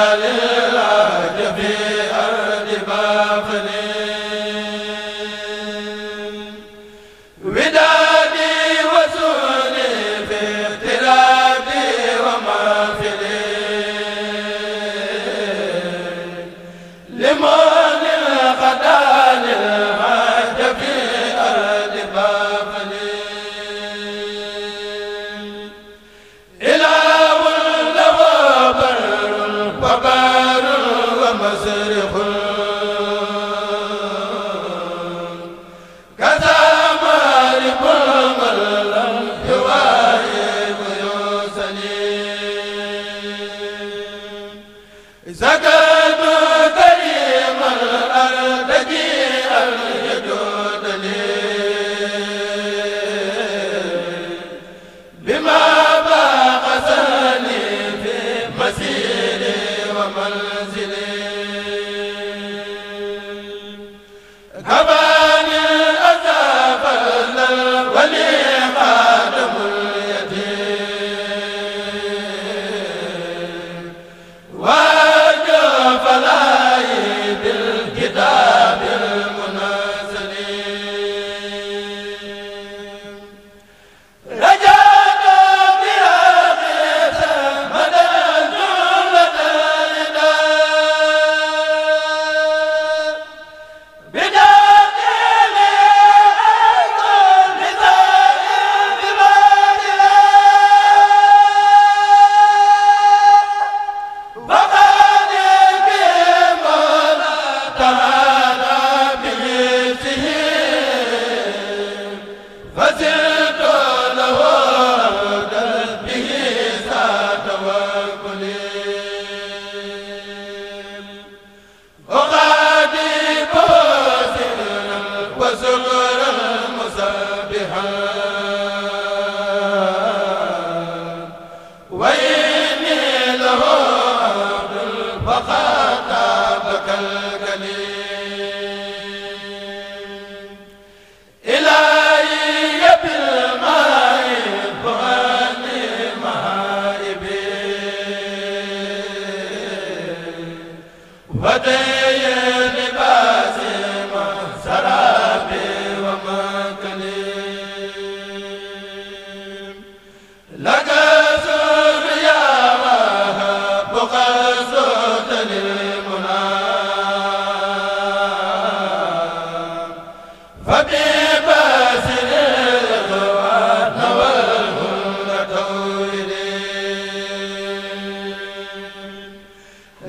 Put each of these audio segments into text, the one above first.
la منزلي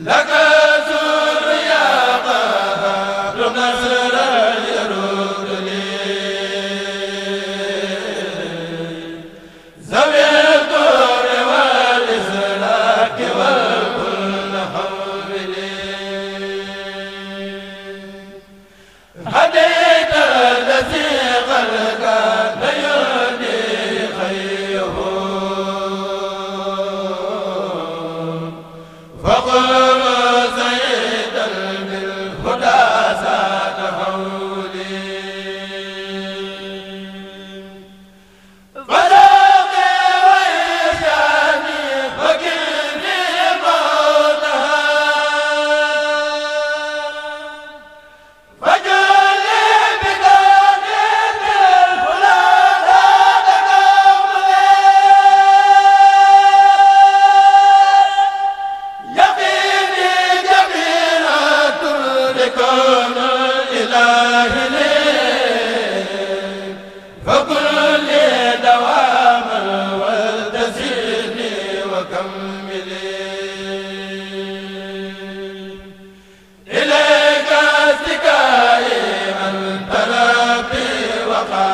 laka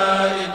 la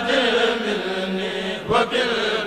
أجل مني وبال